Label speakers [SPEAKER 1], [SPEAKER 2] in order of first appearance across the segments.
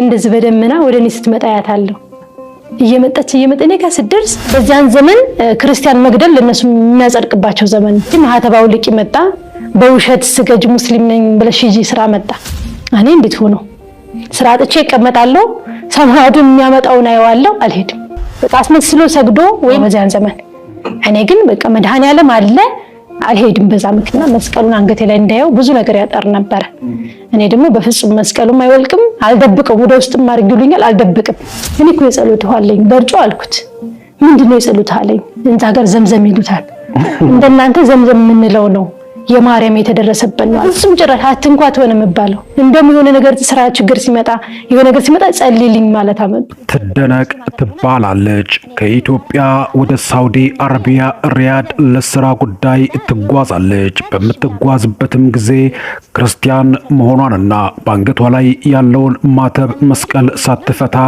[SPEAKER 1] እንደዚህ በደመና ወደ እኔ ስትመጣ ያታለሁ። እየመጣች እየመጣ እኔ ጋር ስደርስ በዚያን ዘመን ክርስቲያን መግደል ለእነሱ የሚያጸድቅባቸው ዘመን እ ማህተባው ልቅ መጣ። በውሸት ስገጅ ሙስሊም ነኝ ብለሽ ሂጂ ስራ መጣ። እኔ እንዴት ሆኖ ስራ አጥቼ ይቀመጣለሁ ሰማዱን የሚያመጣውን አየዋለሁ፣ አልሄድም። በቃ አስመስሎ ሰግዶ ወይም በዚያን ዘመን እኔ ግን በቃ መድኃኔዓለም አለ አልሄድም። በዛ ምክንያት መስቀሉን አንገቴ ላይ እንዳየው ብዙ ነገር ያጠር ነበረ። እኔ ደግሞ በፍጹም መስቀሉም አይወልቅም፣ አልደብቅም፣ ወደ ውስጥም አድርግ ይሉኛል፣ አልደብቅም። እኔ እኮ የጸሎት ውሃ አለኝ በርጮ አልኩት። ምንድነው የጸሎት ውሃ አለኝ? ሀገር ዘምዘም ይሉታል፣ እንደናንተ ዘምዘም የምንለው ነው የማርያም የተደረሰበት ነው። እሱም ጭራሽ አትንኳት ሆነ የምባለው እንደውም የሆነ ነገር ስራ ችግር ሲመጣ የሆነ ነገር ሲመጣ ጸልልኝ ማለት አመጡ።
[SPEAKER 2] ትደነቅ ትባላለች። ከኢትዮጵያ ወደ ሳውዲ አረቢያ ሪያድ ለስራ ጉዳይ ትጓዛለች። በምትጓዝበትም ጊዜ ክርስቲያን መሆኗንና በአንገቷ ላይ ያለውን ማተብ መስቀል ሳትፈታ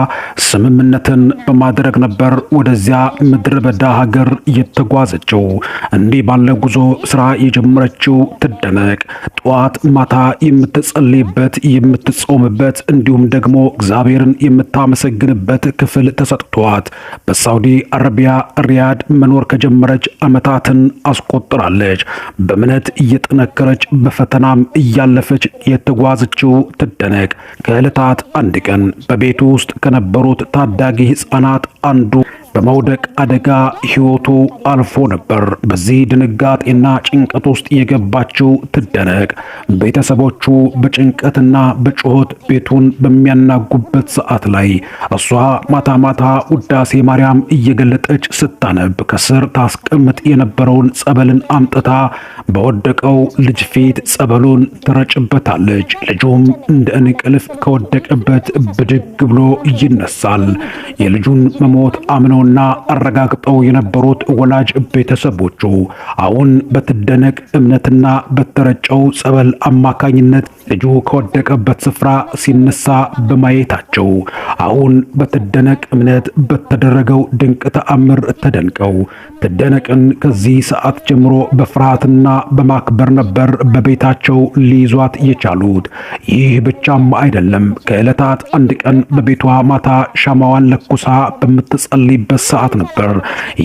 [SPEAKER 2] ስምምነትን በማድረግ ነበር ወደዚያ ምድረ በዳ ሀገር የተጓዘችው። እንዲህ ባለ ጉዞ ስራ የጀመረች በጸሎታችሁ ትደነቅ። ጠዋት ማታ የምትጸልይበት የምትጾምበት፣ እንዲሁም ደግሞ እግዚአብሔርን የምታመሰግንበት ክፍል ተሰጥቷት በሳውዲ አረቢያ ሪያድ መኖር ከጀመረች ዓመታትን አስቆጥራለች። በእምነት እየጠነከረች በፈተናም እያለፈች የተጓዘችው ትደነቅ። ከዕለታት አንድ ቀን በቤቱ ውስጥ ከነበሩት ታዳጊ ሕፃናት አንዱ በመውደቅ አደጋ ሕይወቱ አልፎ ነበር። በዚህ ድንጋጤና ጭንቀት ውስጥ የገባችው ትደነቅ ቤተሰቦቹ በጭንቀትና በጩኸት ቤቱን በሚያናጉበት ሰዓት ላይ እሷ ማታ ማታ ውዳሴ ማርያም እየገለጠች ስታነብ ከስር ታስቀምጥ የነበረውን ጸበልን አምጥታ በወደቀው ልጅ ፊት ጸበሉን ትረጭበታለች። ልጁም እንደ እንቅልፍ ከወደቀበት ብድግ ብሎ ይነሳል። የልጁን መሞት አምነው ሲያምኑና አረጋግጠው የነበሩት ወላጅ ቤተሰቦቹ አሁን በትደነቅ እምነትና በተረጨው ጸበል አማካኝነት ልጁ ከወደቀበት ስፍራ ሲነሳ በማየታቸው አሁን በትደነቅ እምነት በተደረገው ድንቅ ተአምር ተደንቀው ትደነቅን ከዚህ ሰዓት ጀምሮ በፍርሃትና በማክበር ነበር በቤታቸው ሊይዟት የቻሉት። ይህ ብቻም አይደለም። ከዕለታት አንድ ቀን በቤቷ ማታ ሻማዋን ለኩሳ በምትጸልይበት በነበረበት ሰዓት ነበር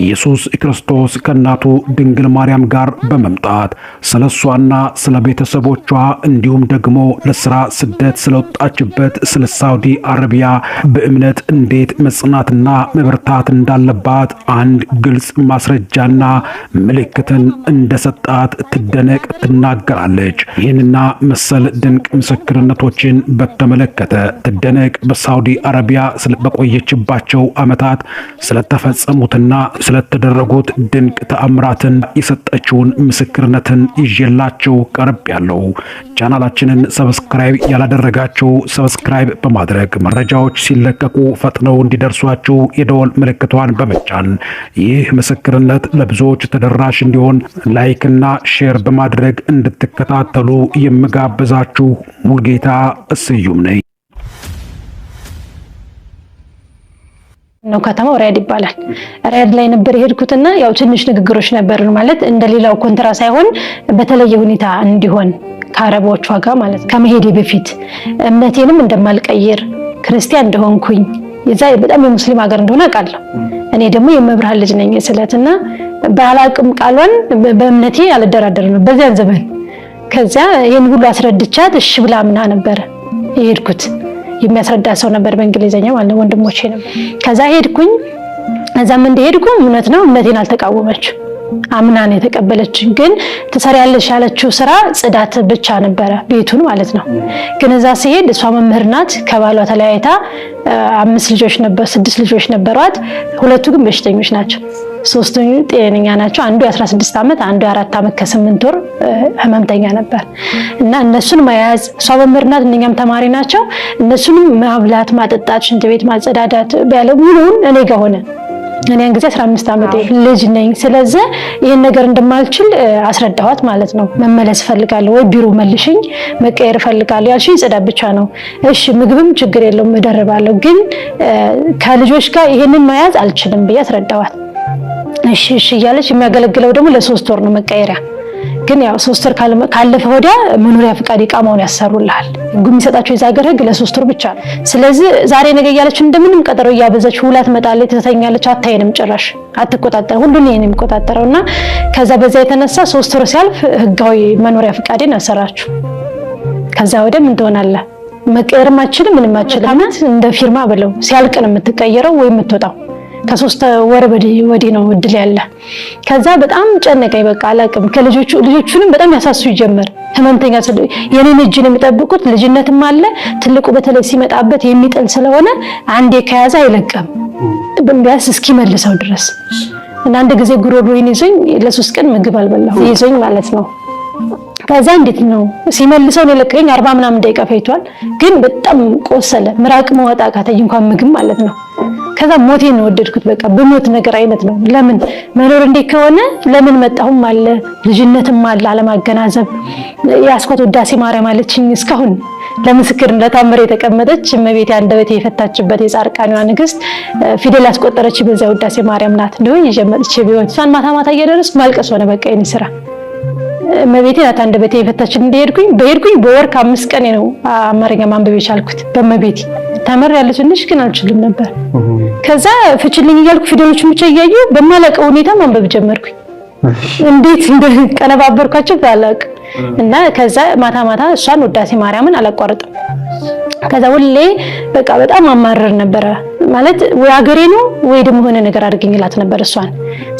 [SPEAKER 2] ኢየሱስ ክርስቶስ ከእናቱ ድንግል ማርያም ጋር በመምጣት ስለ እሷና ስለ ቤተሰቦቿ እንዲሁም ደግሞ ለስራ ስደት ስለወጣችበት ስለ ሳውዲ አረቢያ በእምነት እንዴት መጽናትና መበርታት እንዳለባት አንድ ግልጽ ማስረጃና ምልክትን እንደሰጣት ትደነቅ ትናገራለች። ይህንና መሰል ድንቅ ምስክርነቶችን በተመለከተ ትደነቅ በሳውዲ አረቢያ በቆየችባቸው ዓመታት ስለ ስለተፈጸሙትና ስለተደረጉት ድንቅ ተአምራትን የሰጠችውን ምስክርነትን ይዤላቸው ቀርብ ያለው ቻናላችንን ሰብስክራይብ ያላደረጋቸው ሰብስክራይብ በማድረግ መረጃዎች ሲለቀቁ ፈጥነው እንዲደርሷችሁ የደወል ምልክቷን በመጫን ይህ ምስክርነት ለብዙዎች ተደራሽ እንዲሆን ላይክና ሼር በማድረግ እንድትከታተሉ የምጋብዛችሁ ሙልጌታ እስዩም ነኝ።
[SPEAKER 1] ነው ከተማው ሪያድ ይባላል። ሪያድ ላይ ነበር የሄድኩትና ያው ትንሽ ንግግሮች ነበር ማለት እንደሌላው ኮንትራ ሳይሆን በተለየ ሁኔታ እንዲሆን ከአረቦቿ ጋር ማለት ነው። ከመሄዴ በፊት እምነቴንም እንደማልቀይር ክርስቲያን እንደሆንኩኝ የዛ በጣም የሙስሊም ሀገር እንደሆነ አውቃለሁ። እኔ ደግሞ የመብርሃን ልጅ ነኝ ስለትና ባላቅም ቃሏን በእምነቴ አልደራደርም በዚያን ዘመን። ከዚያ ይህን ሁሉ አስረድቻት እሺ ብላ ምና ነበረ የሄድኩት የሚያስረዳ ሰው ነበር በእንግሊዝኛ ማለት ወንድሞቼንም። ከዛ ሄድኩኝ። ከዛም እንደሄድኩ እምነት ነው እምነቴን አልተቃወመችው አምናን የተቀበለችን ግን ትሰሪያለሽ ያለችው ስራ ጽዳት ብቻ ነበረ፣ ቤቱን ማለት ነው። ግን እዛ ሲሄድ እሷ መምህር ናት። ከባሏ ተለያይታ አምስት ልጆች ነበር ስድስት ልጆች ነበሯት። ሁለቱ ግን በሽተኞች ናቸው። ሶስቱ ጤነኛ ናቸው። አንዱ የ16 ዓመት አንዱ የአራት ዓመት ከስምንት ወር ህመምተኛ ነበር እና እነሱን መያዝ እሷ መምህር ናት፣ እነኛም ተማሪ ናቸው። እነሱንም ማብላት፣ ማጠጣት፣ ሽንት ቤት ማጸዳዳት ያለ ሙሉውን እኔ ጋር ሆነ እኔ ያን ጊዜ 15 ዓመቴ ልጅ ነኝ። ስለዚህ ይህን ነገር እንደማልችል አስረዳኋት ማለት ነው። መመለስ እፈልጋለሁ ወይ ቢሮ መልሽኝ፣ መቀየር እፈልጋለሁ። ያልሽኝ ጽዳት ብቻ ነው። እሺ ምግብም ችግር የለውም እደርባለሁ፣ ግን ከልጆች ጋር ይሄንን መያዝ አልችልም ብዬ አስረዳኋት። እሺ እሺ እያለች የሚያገለግለው ደግሞ ለሶስት ወር ነው መቀየሪያ ግን ያው ሶስት ወር ካለፈ ወዲያ መኖሪያ ፍቃድ ይቃማውን ያሰሩልሃል። ህጉ የሚሰጣቸው የዛ ሀገር ህግ ለሶስት ወር ብቻ ነው። ስለዚህ ዛሬ ነገ እያለች እንደምንም ቀጠሮ እያበዛች ውላ ትመጣለች፣ ትተኛለች፣ አታየንም ጭራሽ አትቆጣጠር ሁሉ ይሄን የሚቆጣጠረው እና ከዛ በዛ የተነሳ ሶስት ወር ሲያልፍ ህጋዊ መኖሪያ ፈቃዴን አሰራችሁ። ከዛ ወዲያ ምን ትሆናለህ? መቀየርም አችልም ምንም አችልም። እንደ ፊርማ ብለው ሲያልቅ ነው የምትቀየረው ወይም የምትወጣው ከሶስት ወር ወዲህ ነው እድል ያለ። ከዛ በጣም ጨነቀኝ፣ በቃ አላቅም። ከልጆቹ ልጆቹንም በጣም ያሳሱ ይጀመር ህመምተኛ የኔን እጅ ነው የሚጠብቁት። ልጅነትም አለ ትልቁ በተለይ ሲመጣበት የሚጥል ስለሆነ አንዴ ከያዘ አይለቀም፣ ቢያንስ እስኪመልሰው ድረስ እና አንድ ጊዜ ጉሮሮዬን ይዞኝ ለሶስት ቀን ምግብ አልበላሁ ይዞኝ ማለት ነው። ከዛ እንዴት ነው ሲመልሰው ነው የለቀቀኝ። አርባ ምናምን ደቂቃ ፈይቷል፣ ግን በጣም ቆሰለ። ምራቅ መወጣ ቃተኝ እንኳን ምግብ ማለት ነው ከዛ ሞቴን ነው ወደድኩት። በቃ በሞት ነገር አይነት ነው። ለምን መኖር እንዴት ከሆነ ለምን መጣሁም አለ፣ ልጅነትም አለ፣ አለማገናዘብ የአስኳት ውዳሴ ማርያም አለችኝ እስካሁን ለምስክር ለታምር የተቀመጠች እመቤቴ አንደበት የፈታችበት የጻርቃኗ ንግስት ፊደል ያስቆጠረች በዚያ ውዳሴ ማርያም ናት። እንደው ይጀመጥች ቢሆን እሷን ማታ ማታ እያደረስኩ ማልቀስ ሆነ በቃ የኔ ስራ። እመቤቴ ናት አንደበቴ የፈታች እንደሄድኩኝ በሄድኩኝ በወር ከአምስት ቀን ነው አማርኛ ማንበብ የቻልኩት በእመቤቴ ተምሬያለሁ። ትንሽ ግን አልችልም ነበር ከዛ ፍችልኝ እያልኩ ፊደሎችን ብቻ እያየሁ በማላውቀው ሁኔታ ማንበብ ጀመርኩኝ። እንዴት እንደቀነባበርኳቸው አላውቅም። እና ከዛ ማታ ማታ እሷን ውዳሴ ማርያምን አላቋርጥም። ከዛ ሁሌ በቃ በጣም አማርር ነበረ ማለት ወይ አገሬ ነው ወይ ደግሞ የሆነ ነገር አድርገኝላት ነበር እሷን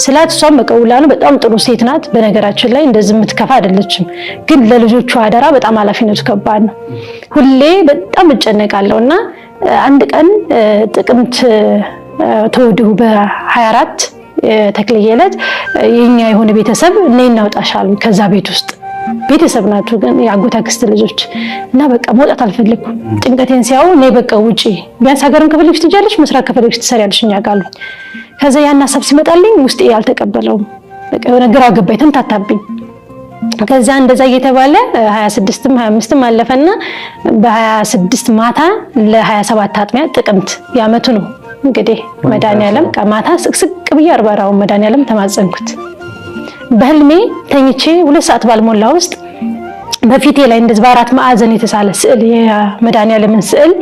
[SPEAKER 1] ስላት፣ እሷን በቀውላኑ በጣም ጥሩ ሴት ናት። በነገራችን ላይ እንደዚህ የምትከፋ አይደለችም፣ ግን ለልጆቹ አደራ በጣም ኃላፊነቱ ከባድ ነው። ሁሌ በጣም እጨነቃለሁ እና አንድ ቀን ጥቅምት ተወዲሁ በ24 ተክልዬ ዕለት የኛ የሆነ ቤተሰብ እኔ እናውጣሻሉ ከዛ ቤት ውስጥ ቤተሰብ ናቸው፣ ግን የአጎት አክስት ልጆች እና በቃ መውጣት አልፈለኩም። ጭንቀቴን ሲያዩ እኔ በቃ ውጪ፣ ቢያንስ ሀገርን ከፈለግሽ ትሄጃለሽ፣ መስራት ከፈለግሽ ትሰሪያለሽ እኛ ጋር አሉኝ። ከዛ ያን ሀሳብ ሲመጣልኝ ውስጤ አልተቀበለውም። በቃ የሆነ ግራ ገባኝ፣ ተምታታብኝ። ከዛ እንደዛ እየተባለ 26ም 25ም አለፈና በ26 ማታ ለ27 አጥሚያ ጥቅምት የአመቱ ነው እንግዲህ መድኃኒዓለም ማታ ስቅስቅ ብዬ አርባራውን መድኃኒዓለም ተማጸንኩት። በህልሜ ተኝቼ ሁለት ሰዓት ባልሞላ ውስጥ በፊቴ ላይ እንደዚህ በአራት ማዕዘን የተሳለ ስዕል የመድኃኒዓለምን ስዕል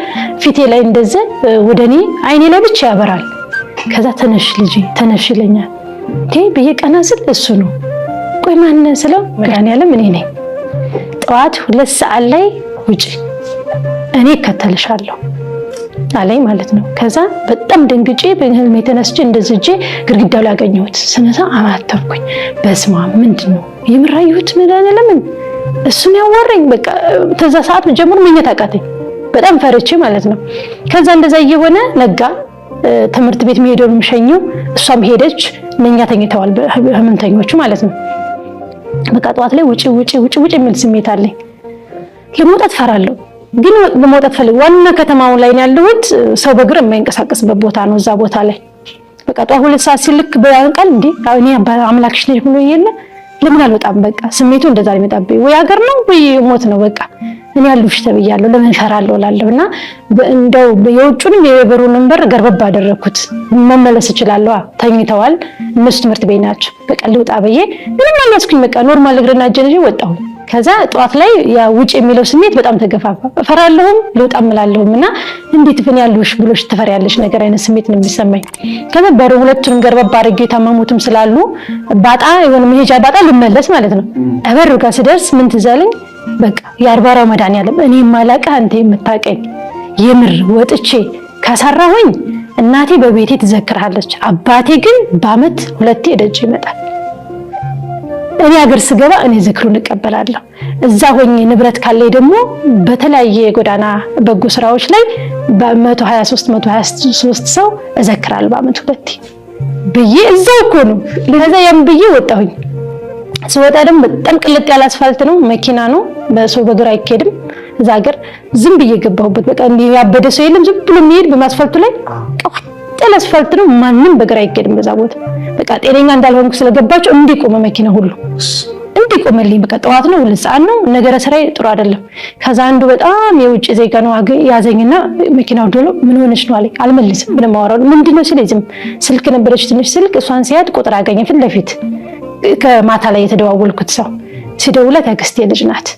[SPEAKER 1] ፊቴ ላይ እንደዚህ ወደ እኔ አይኔ ላይ ብቻ ያበራል። ከዛ ተነሽ ልጄ ተነሽ ይለኛል። ብዬ ቀና ስል እሱ ነው። ቆይ ማን ስለው መድኃኒዓለም እኔ ነኝ። ጠዋት ሁለት ሰዓት ላይ ውጪ እኔ እከተልሻለሁ አለኝ ማለት ነው። ከዛ በጣም ደንግጬ በህልሜ ተነስቼ እንደዚህ እጄ ግድግዳው ላይ አገኘሁት። ስነሳ አማተርኩኝ። በስማ ምንድን ነው የምራዩት? ለምን እሱን ያወራኝ? በቃ ተዛ ሰዓት ጀምሮ መኘት አቃተኝ። በጣም ፈርቼ ማለት ነው። ከዛ እንደዛ እየሆነ ነጋ። ትምህርት ቤት መሄደው የምሸኘው እሷም ሄደች። እነኛ ተኝተዋል፣ ህመምተኞቹ ማለት ነው። በቃ ጠዋት ላይ ውጪ ውጪ ውጪ ውጪ የሚል ስሜት አለኝ። ለመውጣት ፈራለሁ ግን ለመውጣት ፈልግ ዋና ከተማው ላይ ነው ያለሁት። ሰው በእግር የማይንቀሳቀስበት ቦታ ነው። እዛ ቦታ ላይ በቃ ጠዋት ሁለት ሰዓት ሲልክ በቃል እንዲ እኔ አምላክሽ ነሽ ብሎ የለ ለምን አልወጣም? በቃ ስሜቱ እንደዛ ሊመጣብኝ ወይ ሀገር ነው ወይ ሞት ነው። በቃ እኔ ያሉሽ ተብያለሁ። ለምን እፈራለሁ እላለሁ። እና እንደው የውጩንም የበሩንም በር ገርበብ አደረግኩት። መመለስ እችላለሁ። ተኝተዋል እነሱ ትምህርት ቤት ናቸው። በቃ ልውጣ ብዬ ምንም አላስኩኝ። በቃ ኖርማል እግርና እጄን ወጣሁኝ። ከዛ ጠዋት ላይ ያ ውጭ የሚለው ስሜት በጣም ተገፋፋ። እፈራለሁም ልወጣ እምላለሁም እና እንዴት ብን ያለሽ ብሎሽ ትፈሪያለሽ ነገር አይነት ስሜት ነው የሚሰማኝ። ከዛ ሁለቱንም ገርበብ አድርጌ የታመሙትም ስላሉ ባጣ የሆነ መሄጃ ባጣ ልመለስ ማለት ነው። በሩ ጋር ስደርስ ምን ትዝ አለኝ፣ በቃ የአርባራው መድኃኒዓለም እኔ የማላውቅህ አንተ የምታቀኝ የምር ወጥቼ ካሳራሁኝ እናቴ በቤቴ ትዘክርሃለች፣ አባቴ ግን በአመት ሁለቴ ደጅ ይመጣል። እኔ ሀገር ስገባ እኔ ዝክሩን እቀበላለሁ። እዛ ሆኜ ንብረት ካለኝ ደግሞ በተለያየ የጎዳና በጎ ስራዎች ላይ በ123 123 ሰው እዘክራለሁ በአመት ሁለቴ ብዬ እዛው እኮ ነው። ለዛ ያም ብዬ ወጣሁኝ። ስወጣ ደግሞ በጣም ቅልጥ ያለ አስፋልት ነው፣ መኪና ነው፣ በሰው በእግር አይካሄድም። እዛ ሀገር ዝም ብዬ ገባሁበት። በቃ ያበደ ሰው የለም፣ ዝም ብሎ የሚሄድ በማስፋልቱ ላይ ቀዋል ቅጥል አስፋልት ነው። ማንም በግራ አይገድም በዛ ቦታ። በቃ ጤነኛ እንዳልሆንኩ ስለገባቸው እንዲቆመ መኪና ሁሉ እንዲቆመልኝ በቃ ጠዋት ነው ሁለት ሰዓት ነው። ነገረ ስራዬ ጥሩ አይደለም። ከዛ አንዱ በጣም የውጭ ዜጋ ነው ያዘኝና መኪናው ዶሎ ምን ሆነች ነው አለኝ። አልመልስም ምንም አወራሁ ምንድነው ሲለኝ ዝም ስልክ ነበረች ትንሽ ስልክ እሷን ሲያድ ቁጥር አገኘ ፊት ለፊት ከማታ ላይ የተደዋወልኩት ሰው ሲደውላት ያክስቴ ልጅ ናት።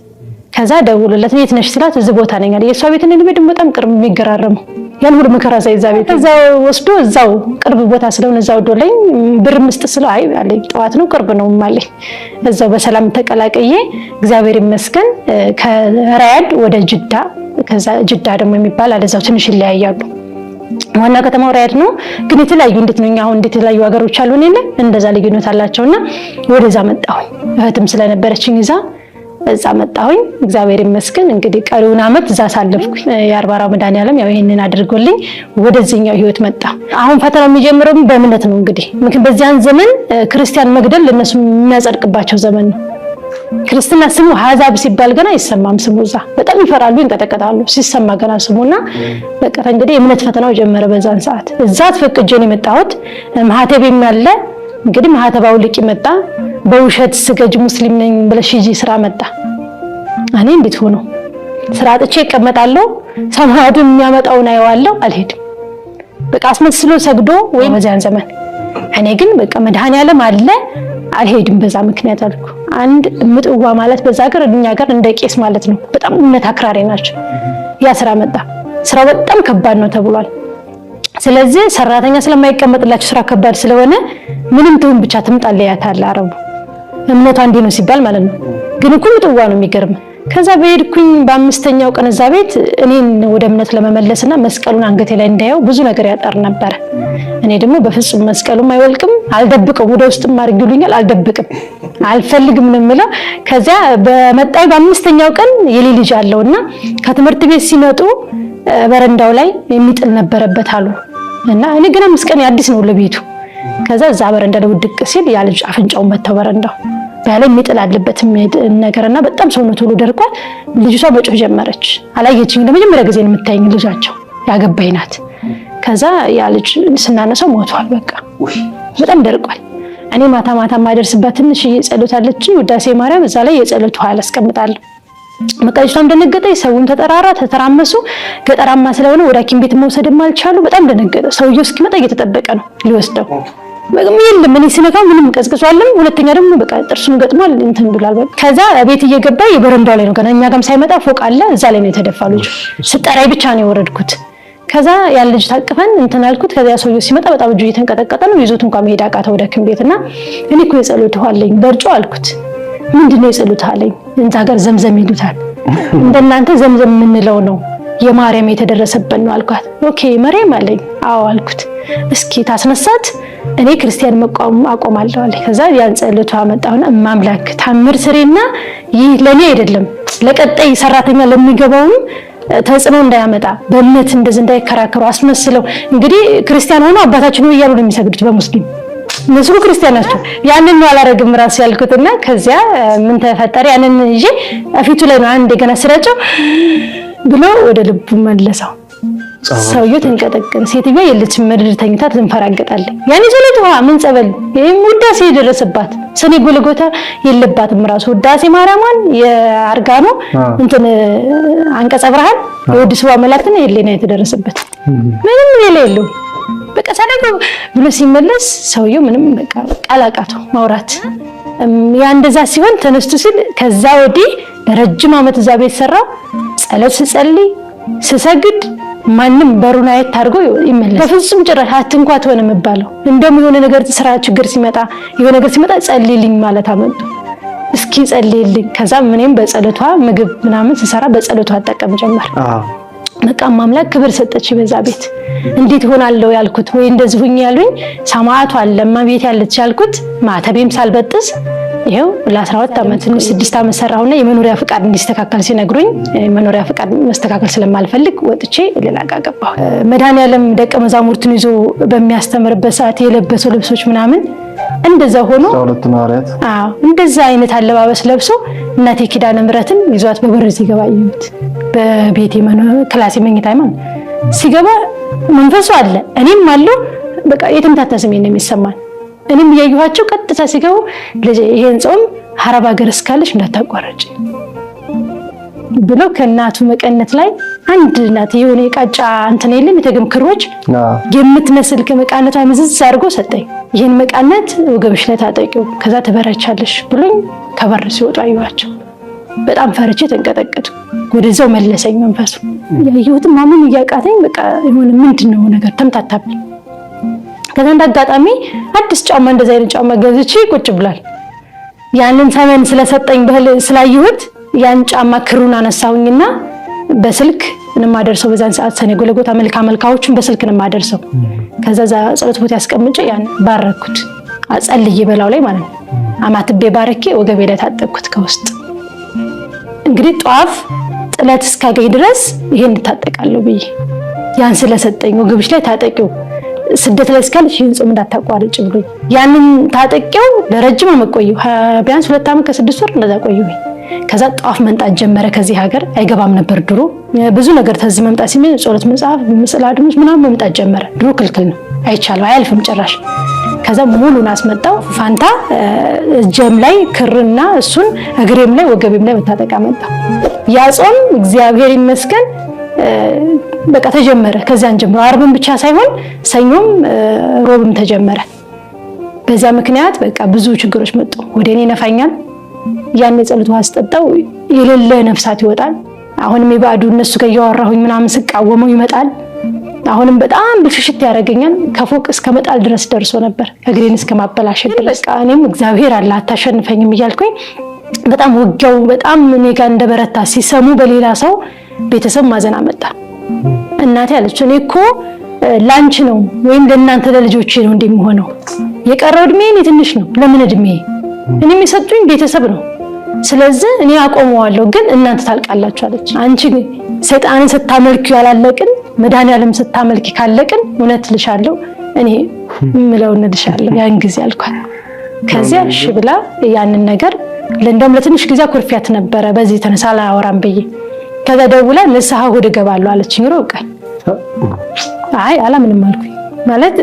[SPEAKER 1] ከዛ ደውሎለት የት ነሽ ስላት እዚህ ቦታ ነኝ አለ። የእሷ ቤት እድሜ ደግሞ በጣም ቅርብ የሚገራረመው ያን ሁሉ መከራ ሳይዛ ቤት እዛ ወስዶ እዛው ቅርብ ቦታ ስለሆነ እዛው ዶለኝ ብር ምስጥ ስለው አይ አለኝ ጠዋት ነው ቅርብ ነው ማለኝ። እዛው በሰላም ተቀላቀየ። እግዚአብሔር ይመስገን ከራያድ ወደ ጅዳ ከዛ ጅዳ ደግሞ የሚባል አለ እዛው ትንሽ ይለያያሉ። ዋና ከተማው ራያድ ነው፣ ግን የተለያዩ እንዴት ነው አሁን እንዴት የተለያዩ ሀገሮች አሉን የለ እንደዛ ልዩነት አላቸውና ወደዛ መጣሁ እህትም ስለነበረችኝ ይዛ እዛ መጣሁኝ። እግዚአብሔር ይመስገን እንግዲህ ቀሪውን አመት እዛ አሳለፍኩኝ። የአርባራ መድኃኔዓለም ያው ይህንን አድርጎልኝ ወደዚህኛው ህይወት መጣ። አሁን ፈተናው የሚጀምረው በእምነት ነው እንግዲህ ምክንያቱም በዚያን ዘመን ክርስቲያን መግደል ለነሱ የሚያጸድቅባቸው ዘመን ነው። ክርስትና ስሙ ሀዛብ ሲባል ገና አይሰማም ስሙ። እዛ በጣም ይፈራሉ፣ ይንቀጠቀጣሉ። ሲሰማ ገና ስሙና በቀረ እንግዲህ የእምነት ፈተናው ጀመረ። በዛን ሰዓት እዛ ተፈቅጄ የመጣሁት። ማህተቤም ያለ እንግዲህ ማህተባው ልቂ መጣ። በውሸት ስገጅ ሙስሊም ነኝ ብለሽ ሂጂ ስራ መጣ። እኔ እንዴት ሆኖ ስራ አጥቼ እቀመጣለሁ? ሰማዱ የሚያመጣውን አየዋለሁ። አልሄድም በቃ አስመስሎ ሰግዶ ወይም በዚያን ዘመን እኔ ግን በቃ መድኃኔዓለም አለ አልሄድም። በዛ ምክንያት አልኩ። አንድ ምጥዋ ማለት በዛ ሀገር እኛ ሀገር እንደ ቄስ ማለት ነው። በጣም እምነት አክራሪ ናቸው። ያ ስራ መጣ። ስራው በጣም ከባድ ነው ተብሏል። ስለዚህ ሰራተኛ ስለማይቀመጥላችሁ ስራ ከባድ ስለሆነ ምንም ትሁን ብቻ ትምጣለያታል። አረቡ እምነቷ እንዲህ ነው ሲባል ማለት ነው። ግን እኮ ምጥዋ ነው የሚገርም። ከዛ በሄድኩኝ በአምስተኛው ቀን እዛ ቤት እኔን ወደ እምነት ለመመለስና መስቀሉን አንገቴ ላይ እንዳየው ብዙ ነገር ያጠር ነበረ። እኔ ደግሞ በፍጹም መስቀሉም አይወልቅም፣ አልደብቅም፣ ወደ ውስጥም ይሉኛል አልደብቅም፣ አልፈልግም ነው የምለው። ከዚያ በመጣይ በአምስተኛው ቀን የሌ ልጅ አለውና ከትምህርት ቤት ሲመጡ በረንዳው ላይ የሚጥል ነበረበት አሉ እና እኔ ገና አምስት ቀን አዲስ ነው ለቤቱ። ከዛ እዛ በረንዳ ላይ ውድቅ ሲል ያ ልጅ አፍንጫውን መተው በረንዳው ያለ የሚጥል አለበት ነገርና በጣም ሰውነቱ ሁሉ ደርቋል። ልጅቷ መጮህ ጀመረች። አላየችኝ። ለመጀመሪያ ጊዜ ነው የምታየኝ። ልጃቸው ያገባኝ ናት። ከዛ ያ ልጅ ስናነሳው ሞቷል። በቃ በጣም ደርቋል። እኔ ማታ ማታ ማደርስበት ትንሽ ጸሎት አለችኝ፣ ውዳሴ ማርያም። እዛ ላይ የጸሎት ውሃ አላስቀምጣለሁ በቃ እሷም ደነገጠች፣ ሰውም ተጠራራ፣ ተተራመሱ። ገጠራማ ስለሆነ ወደ ሐኪም ቤት መውሰድም አልቻሉ። በጣም ደነገጠ። ሰውየው እስኪመጣ እየተጠበቀ ነው ሊወስደው የለም እኔ ስነካ ምንም ቀዝቅዟልም። ሁለተኛ ደግሞ በቃ ጥርሱን ገጥሟል እንትን ብሏል። ከዛ ቤት እየገባ የበረንዳው ላይ ነው ገና እኛ ጋም ሳይመጣ ፎቅ አለ እዛ ላይ ነው የተደፋ ልጁ። ስጠራይ ብቻ ነው የወረድኩት። ከዛ ያን ልጅ ታቅፈን እንትን አልኩት። ከዛ ሰውዬው ሲመጣ በጣም እጁ እየተንቀጠቀጠ ነው ይዞት እንኳን መሄድ አቃተው ወደ ሐኪም ቤት እና እኔ እኮ የጸሎት ውሃ አለኝ በርጮ አልኩት ምንድን ነው አለኝ። እንዛ ሀገር ዘምዘም ይሉታል። እንደናንተ ዘምዘም የምንለው ነው። የማርያም የተደረሰበት ነው አልኳት። ኦኬ ማርያም አለኝ። አዎ አልኩት። እስኪ ታስነሳት፣ እኔ ክርስቲያን መቋም አቆማለሁ አለ። ከዛ ያን ጸሎቷ መጣሁና ማምላክ ታምር ስሬና ይህ ለእኔ አይደለም ለቀጣይ ሰራተኛ ለሚገባውም ተጽዕኖ እንዳያመጣ በእምነት እንደዚህ እንዳይከራከሩ አስመስለው እንግዲህ ክርስቲያን ሆኖ አባታችን ነው እያሉ ነው የሚሰግዱት በሙስሊም እነሱ ክርስቲያን ናቸው። ያንን ነው አላረግም ራሱ ያልኩትና ከዚያ ምን ተፈጠረ? ያንን ይዤ ፊቱ ላይ ነው አንድ ገና ስረጨው ብሎ ወደ ልቡ መለሰው። ሰውየ ተንቀጠቀን። ሴትዮዋ የለችም፣ ምድር ተኝታ ትንፈራገጣለች። ያኔ ጸሎት ውሃ ምን ጸበል ይህም ውዳሴ የደረሰባት ሰኔ ጎልጎታ የለባትም። ራሱ ውዳሴ ማርያሟን የአርጋኖ እንትን አንቀጸ ብርሃን የወዲስዋ መላክትን የሌና የተደረሰበት ምንም ሌላ የለውም። በቃ ሳደርገው ብሎ ሲመለስ ሰውየው ምንም በቃ ቀላቃተው ማውራት ያ እንደዛ ሲሆን ተነስቶ ሲል ከዛ ወዲህ ለረጅም ዓመት እዛ ቤት ሰራው። ጸሎት ስጸልይ ስሰግድ ማንም በሩን አየት አድርጎ ይመለስ። በፍጹም ጭራሽ አትንኳት ሆነ የሚባለው እንደውም የሆነ ነገር ስራ ችግር ሲመጣ የሆነ ነገር ሲመጣ ጸልይልኝ ማለት አመጡ። እስኪ ጸልይልኝ። ከዛ እኔም በጸሎቷ ምግብ ምናምን ስሰራ በጸሎቷ አጠቀም ጀመር። በቃ ማምላክ ክብር ሰጠች። በዛ ቤት እንዴት ሆናለው ያልኩት ወይ እንደዚህ ሁኝ ያሉኝ ሰማዕቷ አለማ ቤት ያለች ያልኩት ማተቤም ሳልበጥስ ይሄው ለ12 ዓመት ስድስት ዓመት ሰራሁና የመኖሪያ ፍቃድ እንዲስተካከል ሲነግሩኝ መኖሪያ ፍቃድ መስተካከል ስለማልፈልግ ወጥቼ ሌላ ጋ ገባሁ። መድኃኔዓለም ደቀ መዛሙርቱን ይዞ በሚያስተምርበት ሰዓት የለበሰው ልብሶች ምናምን እንደዛ ሆኖ እንደዛ አይነት አለባበስ ለብሶ እናቴ ኪዳነ ምሕረትን ይዟት በበር ሲገባ አየሁት። በቤቴ ክላሴ መኝታ ማን ሲገባ መንፈሱ አለ እኔም አለው። በቃ የተምታታ ስሜት ነው የሚሰማን። እኔም እያየኋቸው ቀጥታ ሲገቡ ይሄን ጾም ሀረብ ሀገር እስካለች እንዳታቋረጭ ብሎ ከእናቱ መቀነት ላይ አንድ ናት የሆነ የቃጫ እንትን የለም የተገም ክሮች የምትመስል ከመቃነቷ ምዝዝ አድርጎ ሰጠኝ። ይህን መቃነት ወገብሽ ላይ ታጠቂው ከዛ ትበረቻለሽ ብሎኝ ከበር ሲወጡ አየኋቸው። በጣም ፈርቼ ተንቀጠቀጡ። ወደዛው መለሰኝ መንፈሱ። ያየሁትም ማመን እያቃተኝ በቃ የሆነ ምንድን ነው ነገር ተምታታብኝ። ከዛ እንደ አጋጣሚ አዲስ ጫማ እንደዚ አይነት ጫማ ገዝቼ ቁጭ ብሏል። ያንን ሰመን ስለሰጠኝ ስላየሁት ያን ጫማ ክሩን አነሳውኝና በስልክ እንማደርሰው በዛን ሰዓት ሰኔ ጎለጎታ መልካ መልካዎቹን በስልክ እንማደርሰው። ከዛ ዛ ጸሎት ቦታ ያስቀምጨ ያን ባረኩት አጸልዬ በላው ላይ ማለት ነው። አማትቤ ባረኬ ወገቤ ላይ ታጠቅኩት ከውስጥ እንግዲህ ጧፍ ጥለት እስካገኝ ድረስ ይሄን እንታጠቃለሁ ብዬ ያን ስለሰጠኝ ወገብሽ ላይ ታጠቂው ስደት ላይ እስካል ይህን ጾም እንዳታቋርጭ ብሎኝ ያንን ታጠቂው ለረጅም አመቆየሁ ቢያንስ ሁለት ዓመት ከስድስት ወር እንደዛ ቆየሁ። ከዛ ጧፍ መንጣት ጀመረ። ከዚህ ሀገር አይገባም ነበር ድሮ። ብዙ ነገር ተዚህ መምጣት ሲሚ ጸሎት መጽሐፍ፣ ምስል አድኖች ምናምን መምጣት ጀመረ። ድሮ ክልክል ነው፣ አይቻልም፣ አያልፍም ጭራሽ። ከዛ ሙሉን አስመጣው ፋንታ እጀም ላይ ክርና እሱን እግሬም ላይ ወገቤም ላይ መታጠቃ መጣ። ያ ጾም እግዚአብሔር ይመስገን በቃ ተጀመረ። ከዚያን ጀምሮ አርብም ብቻ ሳይሆን ሰኞም ሮብም ተጀመረ። በዛ ምክንያት በቃ ብዙ ችግሮች መጡ። ወደ እኔ ይነፋኛል ያን የጸሎት ውሃ ስጠጣው የሌለ ነፍሳት ይወጣል። አሁንም የባዕዱ እነሱ ጋር እያወራሁኝ ምናምን ስቃወመው ይመጣል። አሁንም በጣም ብልሽሽት ያደርገኛል። ከፎቅ እስከ መጣል ድረስ ደርሶ ነበር፣ እግሬን እስከ ማበላሸት ድረስ። እኔም እግዚአብሔር አለ አታሸንፈኝም እያልኩኝ በጣም ውጊያው በጣም እኔ ጋር እንደበረታ ሲሰሙ በሌላ ሰው ቤተሰብ ማዘን አመጣ። እናቴ አለች እኔ እኮ ላንች ነው ወይም ለእናንተ ለልጆቼ ነው እንደሚሆነው የቀረው እድሜ እኔ ትንሽ ነው። ለምን እድሜ እኔም የሰጡኝ ቤተሰብ ነው ስለዚህ እኔ አቆመዋለሁ፣ ግን እናንተ ታልቃላችሁ አለች። አንቺ ግን ሰይጣንን ስታመልኪ ያላለቅን መድኃኒዓለም ስታመልኪ ካለቅን እውነት ልሻለሁ እኔ ምለውን ልሻለሁ ያን ጊዜ አልኳት። ከዚያ እሺ ብላ ያንን ነገር እንደውም ለትንሽ ጊዜ ኩርፊያት ነበረ፣ በዚህ የተነሳ አላወራም ብዬ ከዛ ደውላ ንስሐ እሑድ እገባለሁ አለችኝ። ሮብ ቀን አይ አላምንም አልኩኝ። ማለት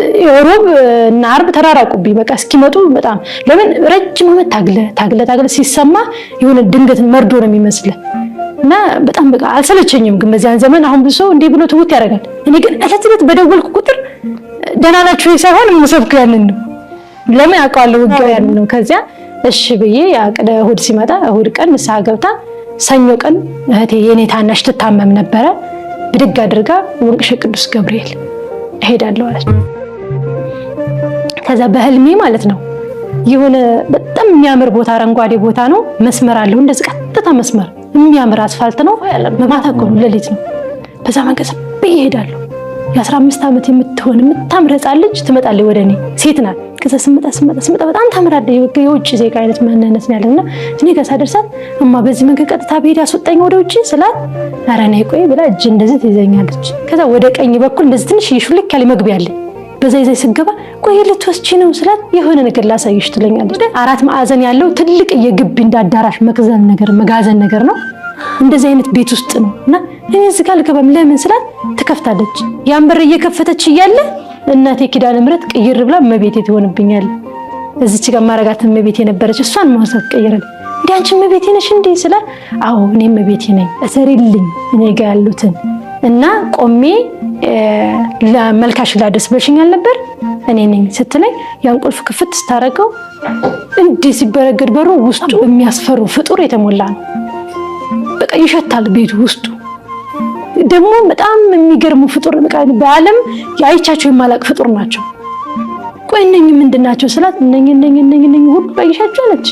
[SPEAKER 1] ሮብ እና አርብ ተራራቁብኝ። በቃ እስኪመጡ በጣም ለምን ረጅም ዓመት ታግለ ታግለ ታግለ ሲሰማ የሆነ ድንገት መርዶ ነው የሚመስለ እና በጣም በቃ አልሰለቸኝም። ግን በዚያን ዘመን አሁን ብዙ ሰው እንዲህ ብሎ ትውት ያደርጋል። እኔ ግን እለት እለት በደወልኩ ቁጥር ደህና ናችሁ ሳይሆን የምሰብክ ያንን ነው። ለምን አውቀዋለሁ ውጊያው ያንን ነው። ከዚያ እሺ ብዬ ያቅደ እሑድ ሲመጣ እሑድ ቀን ንስሐ ገብታ ሰኞ ቀን እህቴ የኔ ታናሽ ትታመም ነበረ። ብድግ አድርጋ ወንቅሸ ቅዱስ ገብርኤል እሄዳለሁ አለች። ከዛ በህልሜ ማለት ነው የሆነ በጣም የሚያምር ቦታ አረንጓዴ ቦታ ነው፣ መስመር አለው እንደዚህ ቀጥታ መስመር የሚያምር አስፋልት ነው። በማታ እኮ ነው ሌሊት ነው። በዛ መንገድ ብዬ እሄዳለሁ የአስራ አመት ዓመት የምትሆን የምታምር ልጅ ትመጣለች ወደ እኔ። ሴት ናት። ከዛ ስመጣ ስመጣ ስመጣ በጣም ታምራለች። የውጭ ዜጋ አይነት ማንነት እኔ ጋር ሳደርሳት እማ በዚህ መንገድ ቀጥታ ብሄድ ያስወጣኝ ወደ ውጭ ስላት፣ ኧረ ነይ ቆይ ብላ እጅ እንደዚህ ትይዘኛለች። ከዛ ወደ ቀኝ በኩል እንደዚህ ትንሽ ሹልክ ያለ መግቢያ አለ። በዛ ይዘኝ ስገባ ቆይ ልትወስቺ ነው ስላት፣ የሆነ ነገር ላሳይሽ ትለኛለች። አራት ማዕዘን ያለው ትልቅ የግቢ መክዘን ነገር መጋዘን ነገር ነው። እንደዚህ አይነት ቤት ውስጥ ነው እና እኔ እዚህ ጋር አልገባም ለምን ስላት ትከፍታለች። ያን በር እየከፈተች እያለ እናቴ ኪዳነ ምሕረት ቅይር ብላ እመቤቴ ትሆንብኛል። እዚች ጋር ማረጋት እመቤቴ ነበረች። እሷን ማሰብ ቀይረል እንዲ አንቺ እመቤቴ ነሽ እንዴ ስለ አዎ እኔ እመቤቴ ነኝ፣ እሰሪልኝ እኔ ጋ ያሉትን እና ቆሜ ለመልካሽ ላደስ በሽኛል ነበር እኔ ነኝ ስትለኝ ያን ቁልፍ ክፍት ስታደርገው እንዲህ ሲበረገድ በሩ ውስጡ የሚያስፈሩ ፍጡር የተሞላ ነው። በቃ ይሸታል ቤቱ ውስጡ ደግሞ በጣም የሚገርሙ ፍጡር በዓለም አይቻቸው የማላቅ ፍጡር ናቸው። ቆይ እነኝህ ምንድን ናቸው ስላት እነኝ እነኝ እነኝ እነኝ ሁሉ አይሻቸው አለች።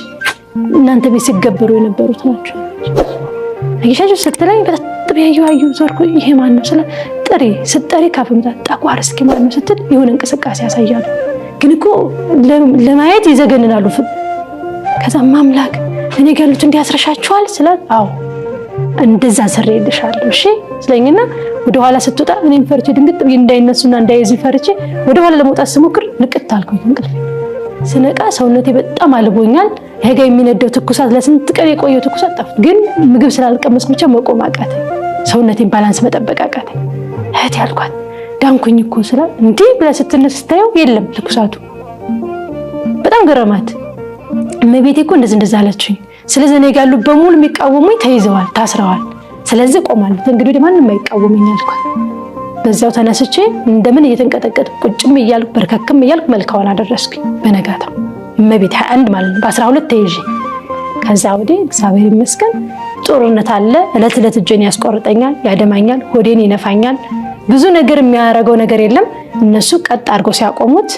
[SPEAKER 1] እናንተ ቤት ሲገበሩ የነበሩት ናቸው። አይሻቸው ስልክ ላይ በጣም ያዩ አዩ ዞርኩ። ይሄ ማን ነው ስላት ጥሬ ስትጠሪ ካፍምታት ጠቋር እስኪ ማን ነው ስትል የሆነ እንቅስቃሴ ያሳያሉ። ግን እኮ ለማየት ይዘገንናሉ። ከዛ ማምላክ እኔ ጋር ያሉት እንዲያስረሻቸዋል ስላት አዎ እንደዛ ሰር እሺ ስለኝና ወደኋላ ስትወጣ እኔም ፈርቼ ድንግጥ ብዬ እንዳይነሱና እንዳይዙ ፈርቼ ወደኋላ ለመውጣት ስሞክር ንቅት አልኩኝ። እንቅልፍ ስነቃ ሰውነቴ በጣም አልቦኛል። ሄጋ የሚነደው ትኩሳት ለስንት ቀን የቆየው ትኩሳት ጠፍ ግን ምግብ ስላልቀመስኩ ብቻ መቆም አቃተኝ። ሰውነቴን ባላንስ መጠበቅ አቃተኝ። እህቴ አልኳት ዳንኩኝ እኮ ስላ እንዲህ ብላ ስትነስ ስታየው የለም ትኩሳቱ በጣም ገረማት። እመቤቴ እኮ እንደዚህ እንደዛ አለችኝ ስለዚህ እኔ ጋር ያሉት በሙሉ የሚቃወሙኝ ተይዘዋል፣ ታስረዋል። ስለዚህ እቆማለሁ። እንግዲህ ወደ ማንም አይቃወመኝ አልኳት። በዛው ተነስቼ እንደምን እየተንቀጠቀጥ ቁጭም እያልኩ በርከክም እያልኩ መልካውን አደረስኩኝ። በነጋታው እመቤት አንድ ማለት ነው በአስራ ሁለት ተይዤ ከዛ ወዲህ እግዚአብሔር ይመስገን ጦርነት አለ። እለት እለት እጄን ያስቆርጠኛል፣ ያደማኛል፣ ሆዴን ይነፋኛል። ብዙ ነገር የሚያደርገው ነገር የለም። እነሱ ቀጥ አድርገው ሲያቆሙት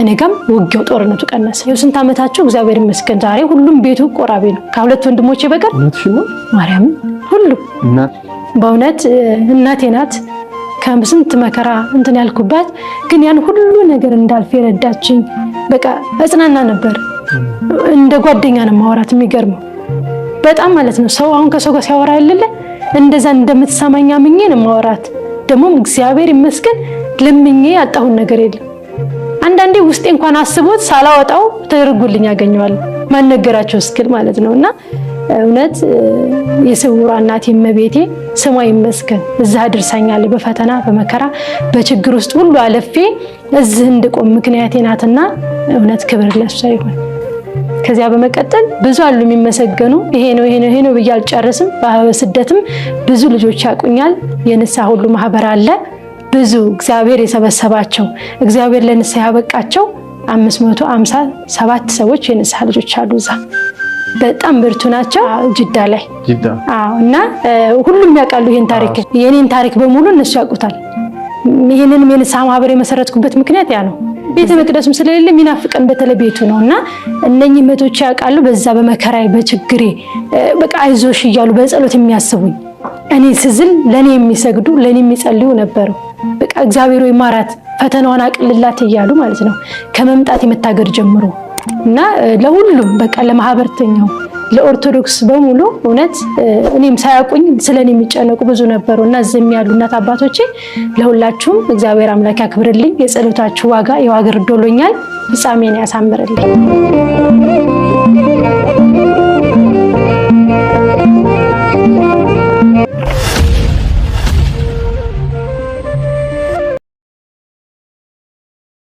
[SPEAKER 1] እኔ ጋም ውጊያው ጦርነቱ ቀነሰ። ስንት ዓመታቸው እግዚአብሔር ይመስገን ዛሬ ሁሉም ቤቱ ቆራቢ ነው፣ ከሁለት ወንድሞቼ በቀር ማርያም ሁሉም በእውነት እናቴ ናት። ከስንት መከራ እንትን ያልኩባት ግን ያን ሁሉ ነገር እንዳልፍ የረዳችኝ በቃ እጽናና ነበር። እንደ ጓደኛ ነው ማውራት። የሚገርመው በጣም ማለት ነው ሰው አሁን ከሰው ጋር ሲያወራ ያለለ እንደዛ እንደምትሰማኝ አምኜ ነው ማውራት። ደግሞም እግዚአብሔር ይመስገን ለምኜ ያጣሁን ነገር የለም። አንዳንዴ ውስጤ እንኳን አስቦት ሳላወጣው ተደርጎልኝ ያገኘዋል ማነገራቸው እስክል ማለት ነው እና እውነት የስውሯ እናቴ የመቤቴ ስሟ ይመስገን እዛ አድርሳኛለች። በፈተና በመከራ በችግር ውስጥ ሁሉ አለፌ እዚህ እንድቆም ምክንያቴ ናትና እውነት ክብር ለሷ ከዚያ በመቀጠል ብዙ አሉ የሚመሰገኑ። ይሄ ነው ይሄ ነው ይሄ ነው ብዬ አልጨርስም። በስደትም ብዙ ልጆች ያቁኛል። የንሳ ሁሉ ማህበር አለ ብዙ እግዚአብሔር የሰበሰባቸው እግዚአብሔር ለንስሐ ያበቃቸው 557 ሰዎች የንስሐ ልጆች አሉ። እዛ በጣም ብርቱ ናቸው። ጅዳ ላይ እና ሁሉም ያውቃሉ ይሄን ታሪክ የኔን ታሪክ በሙሉ እነሱ ያውቁታል። ይህንንም የንስሐ ማህበር የመሰረትኩበት ምክንያት ያ ነው። ቤተ መቅደሱም ስለሌለ የሚናፍቀን በተለይ ቤቱ ነው እና እነኚህ መቶች ያውቃሉ። በዛ በመከራዬ በችግሬ በቃ አይዞሽ እያሉ በጸሎት የሚያስቡኝ እኔ ስዝል ለእኔ የሚሰግዱ ለእኔ የሚጸልዩ ነበሩ። በቃ እግዚአብሔር ማራት ፈተናዋን አቅልላት እያሉ ማለት ነው ከመምጣት የመታገድ ጀምሮ እና ለሁሉም በቃ ለማህበርተኛው ለኦርቶዶክስ በሙሉ እውነት እኔም ሳያውቁኝ ስለ እኔ የሚጨነቁ ብዙ ነበሩ እና እዚህም ያሉ እናት አባቶቼ ለሁላችሁም እግዚአብሔር አምላክ ያክብርልኝ። የጸሎታችሁ ዋጋ የዋገር ዶሎኛል። ፍጻሜን ያሳምርልኝ።